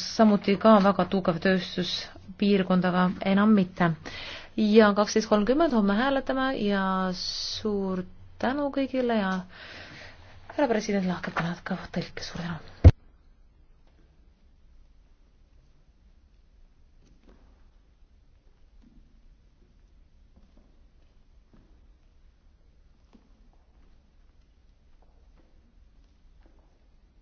samuti ka väga tugev tööstuspiirkond, aga enam mitte. ja kaksteist kolmkümmend homme hääletame ja suur tänu kõigile ja härra president lahkeb tänavad ka tõlke, suur tänu!